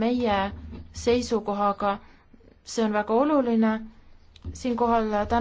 meie seisukohaga, see on väga oluline. siinkohal tänan